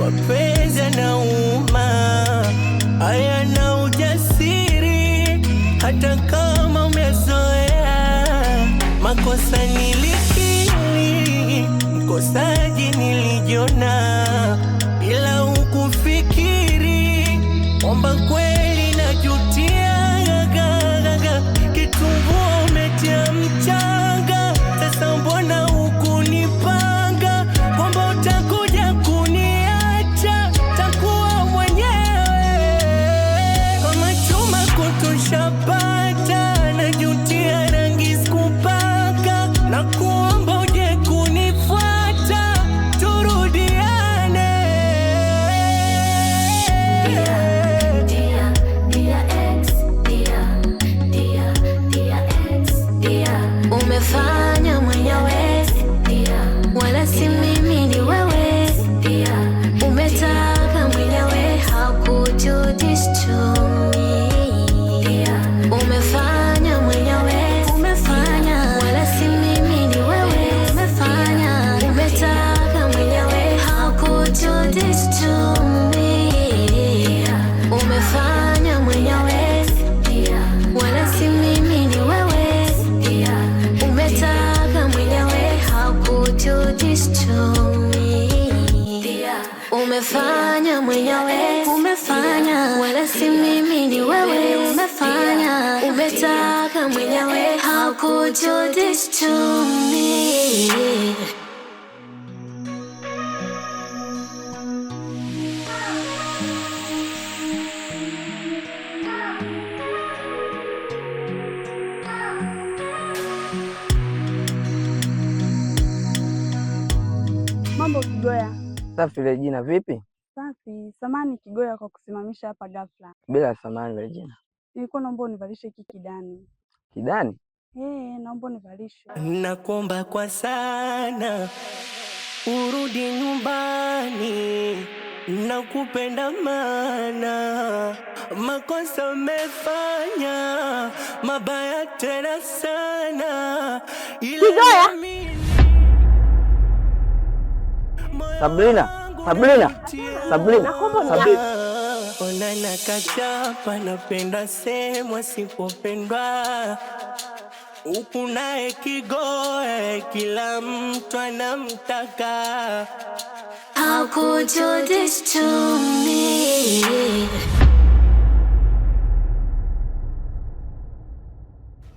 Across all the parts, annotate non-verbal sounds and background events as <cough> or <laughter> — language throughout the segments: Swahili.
Kosa yanauma, hayana ujasiri, hata kama umezoea. Makosa nilikiri, mkosaji nilijona mwenyewe umefanya, wala si mimi, ni wewe umefanya, umetaka mwenyewe, how this to me? safi. Lejina, vipi? Samani Kigoya kwa kusimamisha hapa ghafla. Bila samani Regina. Nilikuwa naomba univalishe hiki kidani. Kidani? Eh, naomba univalishe. Nakuomba kwa sana urudi nyumbani, nakupenda mana makosa umefanya mabaya tena sana. Ile Sabrina. Sabrina, Sabrina, ona nakata panapenda sehemu asipopendwa huku naye kigoe, kila mtu anamtaka. How could you this to me?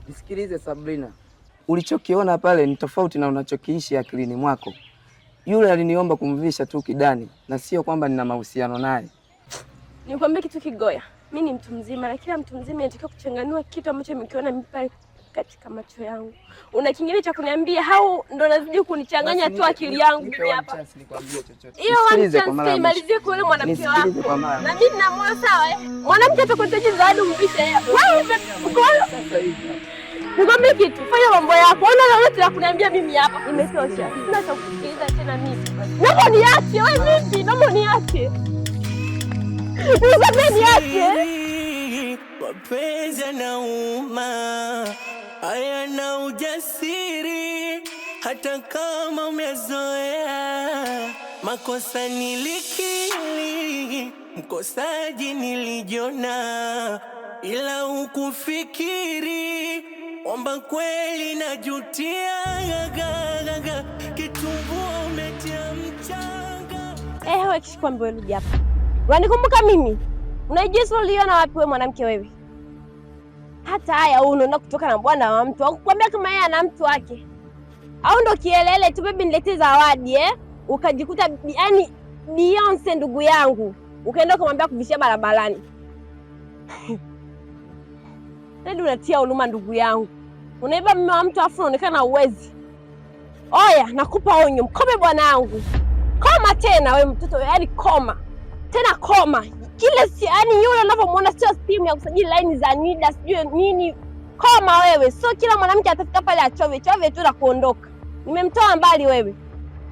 Nisikilize Sabrina, ulichokiona pale ni tofauti na unachokiishi akilini mwako. Yule aliniomba kumvisha tu kidani na sio kwamba nina mahusiano naye. Nikwambie kitu kigoya, mi ni mtu mzima na kila mtu mzima anatakiwa kuchanganua kitu ambacho amekiona mimi pale katika macho yangu. Una kingine cha kuniambia au ndo nazidi kunichanganya tu akili yangu hapa? Hiyo imalizie kwa yule mwanamke wako, na mimi nina moyo sawa. eh? Mwanamke atakuhitaji zaidi umvishe yeye. wewe. Nikwambie kitu, fanya mambo yako. Ona lolote la kuniambia mimi hapa imetosha, sina cha kusikiliza tena mimi. Naomba niache wewe, vipi? Naomba niache nikwambie, niache. Mapenzi yanauma, hayana ujasiri, hata kama umezoea. Makosa nilikili, mkosaji nilijona, ila ukufikiri Omba kweli najutia, gaga kitumbua umetia mchanga. wewe wewe hapa. Unanikumbuka mimi? Unajua swali uliona wapi wewe mwanamke wewe? Hata haya wewe unaenda kutoka na bwana wa mtu. Hakukwambia kama yeye ana mtu wake. Au ndo kielele tu bebi niletee zawadi eh? Ukajikuta yani Beyonce ndugu yangu. Ukaenda kumwambia kubishia barabarani. <laughs> Nani unatia huruma ndugu yangu? Unaiba mume wa mtu afu unaonekana uwezi. Oya, nakupa onyo, mkome bwana Koma tena we mtoto, yaani koma tena, koma kile si, yaani yule unavyomwona sio simu ya kusajili laini za NIDA sijui nini. Koma wewe, sio kila mwanamke atafika pale achove chove tu na kuondoka. Nimemtoa mbali wewe,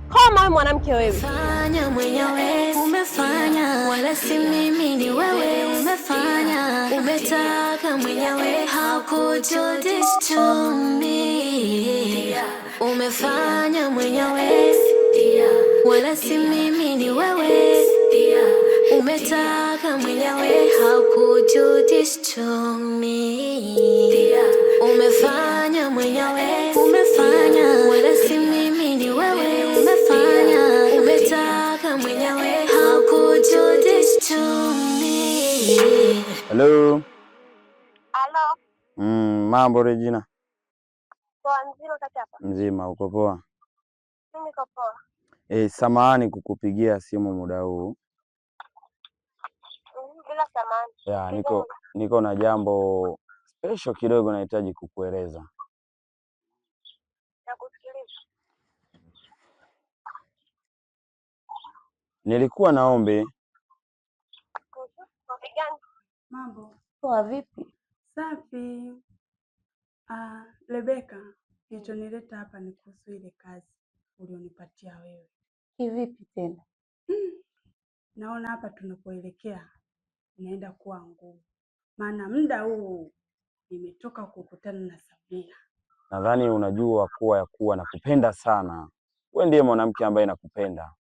koma we mwanamke wewe. Fanya umefanya si mimi, ni wewe umefanya, umetaka mwenyewe, umefanya mwenyewe, wala si mimi, ni wewe umetaka mwenyewe, umefanya Hello. Hello. Mm, mambo Regina. Poa mzima hapa. Mzima, uko poa? Mimi niko poa. Eh, samahani kukupigia simu muda huu. Mm, bila samahani. Ya, yeah, niko niko na jambo special kidogo nahitaji kukueleza. Nakusikiliza. Nilikuwa naombe Mambo poa. Vipi? Safi. Ah, Rebeka, kilichonileta hapa ni kuhusu ile kazi ulionipatia wewe. Kivipi tena? Mm. Naona hapa tunapoelekea inaenda kuwa ngumu, maana muda huu nimetoka kukutana na Samia. Nadhani unajua kuwa ya kuwa nakupenda sana. Wewe ndiye mwanamke ambaye nakupenda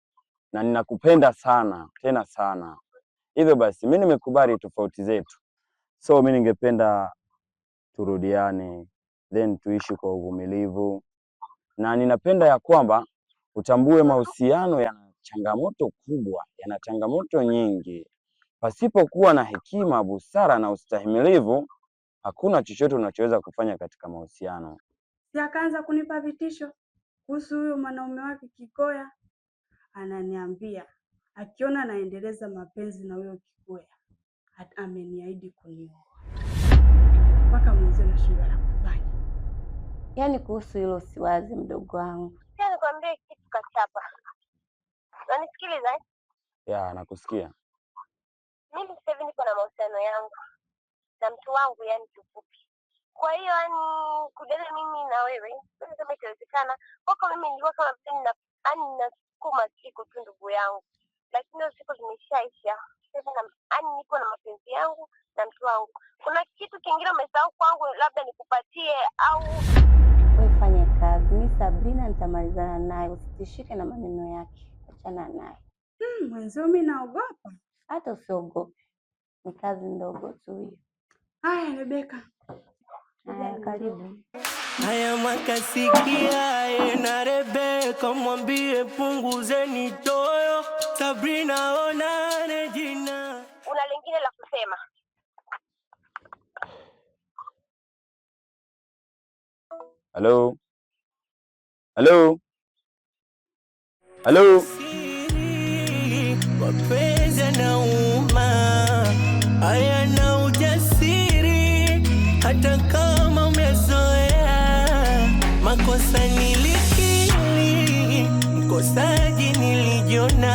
na ninakupenda sana tena sana Hivyo basi mimi nimekubali tofauti zetu, so mimi ningependa turudiane, then tuishi kwa uvumilivu, na ninapenda ya kwamba utambue mahusiano yana changamoto kubwa, yana changamoto nyingi. Pasipokuwa na hekima, busara na ustahimilivu, hakuna chochote unachoweza kufanya katika mahusiano. Si akaanza kunipa vitisho kuhusu huyo mwanaume wake kikoya ananiambia akiona naendeleza mapenzi na huyo Kikwea, ameniahidi kunioa mpaka mwenzio na shingo la kufanya. Yaani kuhusu hilo siwazi, mdogo wangu. Pia nikwambie kitu kachapa, unanisikiliza eh? Ya, nakusikia. Mimi sasa hivi niko na mahusiano yangu na mtu wangu, yani kifupi kwa hiyo yani kudada mimi na wewe sema itawezekana kwako. Mimi nilikuwa kama vile yani nasukuma siku tu, ndugu yangu lakini hiyo siku zimeshaisha. Sasa ani niko na mapenzi yangu na mtu wangu. Kuna kitu kingine umesahau kwangu, labda nikupatie au fanye kazi. Mi Sabrina nitamalizana naye, usitishike na maneno yake, achana naye hmm, mwenzio. mi naogopa. Hata usiogope, ni kazi ndogo tu hiyo. Haya, Rebeka, karibu. Haya makasikia eh, na Rebeka mwambie punguzeni toyo, Sabrina onane jina. Una lingine la kusema? Hello. Hello. halo. Mapenzi yanauma, haya na ujasiri hata ukosaji nilijona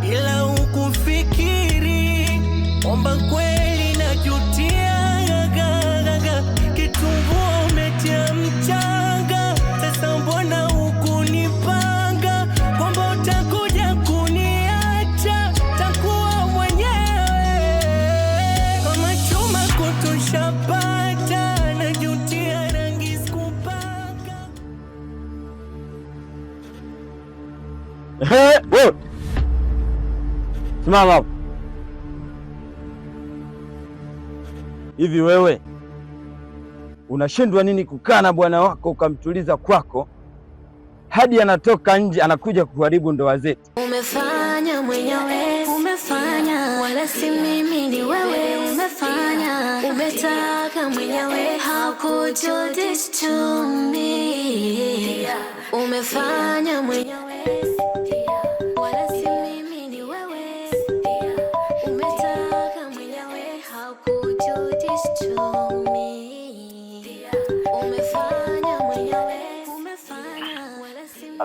bila ukufikiri kwamba kweli najutia. Gagaga kitumbua umetia mchanga, sasa mbona ukunipanga kwamba utakuja kuniacha? Takuwa mwenyewe kama chuma kutosha simama hapo. Hivi wewe unashindwa nini kukaa na bwana wako ukamtuliza kwako hadi anatoka nje anakuja kuharibu ndoa zetu? Umefanya mwenyewe, umefanya wala si mimi, ni wewe umefanya, umetaka mwenyewe, how Umefanya mwenyewe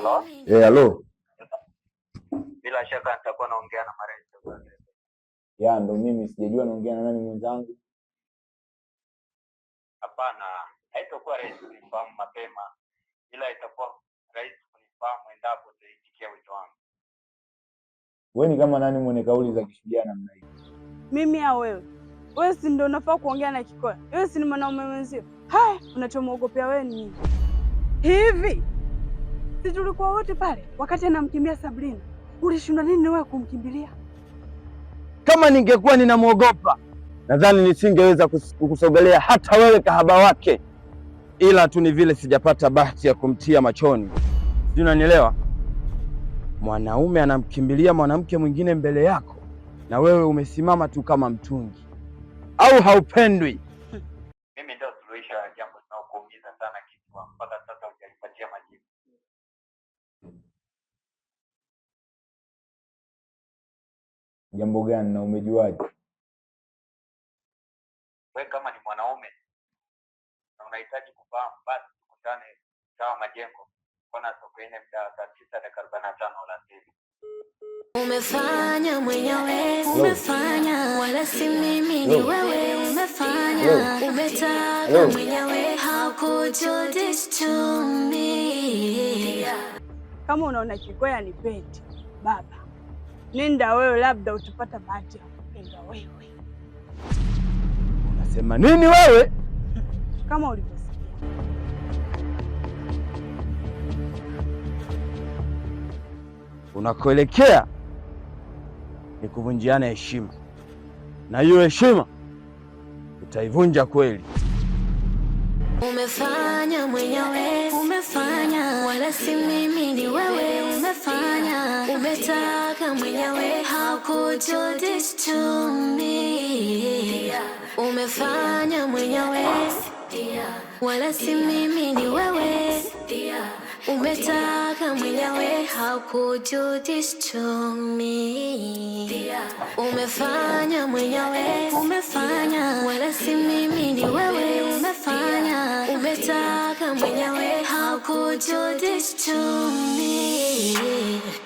Hello? Eh, hey, Bila shaka nitakuwa naongea na Mareza. Ya, ndo mimi sijajua naongea na nani mwenzangu. Hapana, haitakuwa rahisi kunifahamu mapema ila itakuwa rahisi kunifahamu endapo utaitikia wito wangu. Wewe ni kama nani mwenye kauli za kishujaa namna hii? Mimi au wewe? Wewe si ndio unafaa kuongea na Kikola? Wewe si ni mwanaume mwenzio? Hai, unachomuogopea wewe ni nini? hivi Si tulikuwa wote pale wakati anamkimbia Sabrina, ulishindwa nini wewe kumkimbilia? Kama ningekuwa ninamwogopa, nadhani nisingeweza kukusogelea hata wewe, kahaba wake, ila tu ni vile sijapata bahati ya kumtia machoni, sijui unanielewa. Mwanaume anamkimbilia mwanamke mwingine mbele yako, na wewe umesimama tu kama mtungi, au haupendwi? Jambo gani na umejuaje? Wewe kama ni mwanaume na unahitaji kufahamu, basi tukutane sawa majengo kona sokene mtaa saa tisa dakika arobaini na tano alasiri. Umefanya mwenyewe, umefanya wala si mimi, ni wewe umefanya, umetaka mwenyewe, kama unaona kikwea ni pete baba nenda wewe, labda utapata bahati ya kupenda wewe. Unasema nini wewe? <laughs> Kama ulivyosikia unakoelekea ni kuvunjiana heshima, na hiyo heshima utaivunja kweli. Umefanya mwenyewe, umefanya wala si mimi, ni wewe umefanya, umetaka mwenyewe, how Umefanya mwenyewe, wala si mimi, ni Umetaka mwenyewe haukujudishomi, umefanya mwenyewe, umefanya wala si mimi, ni wewe umefanya. Umetaka mwenyewe haukujudishomi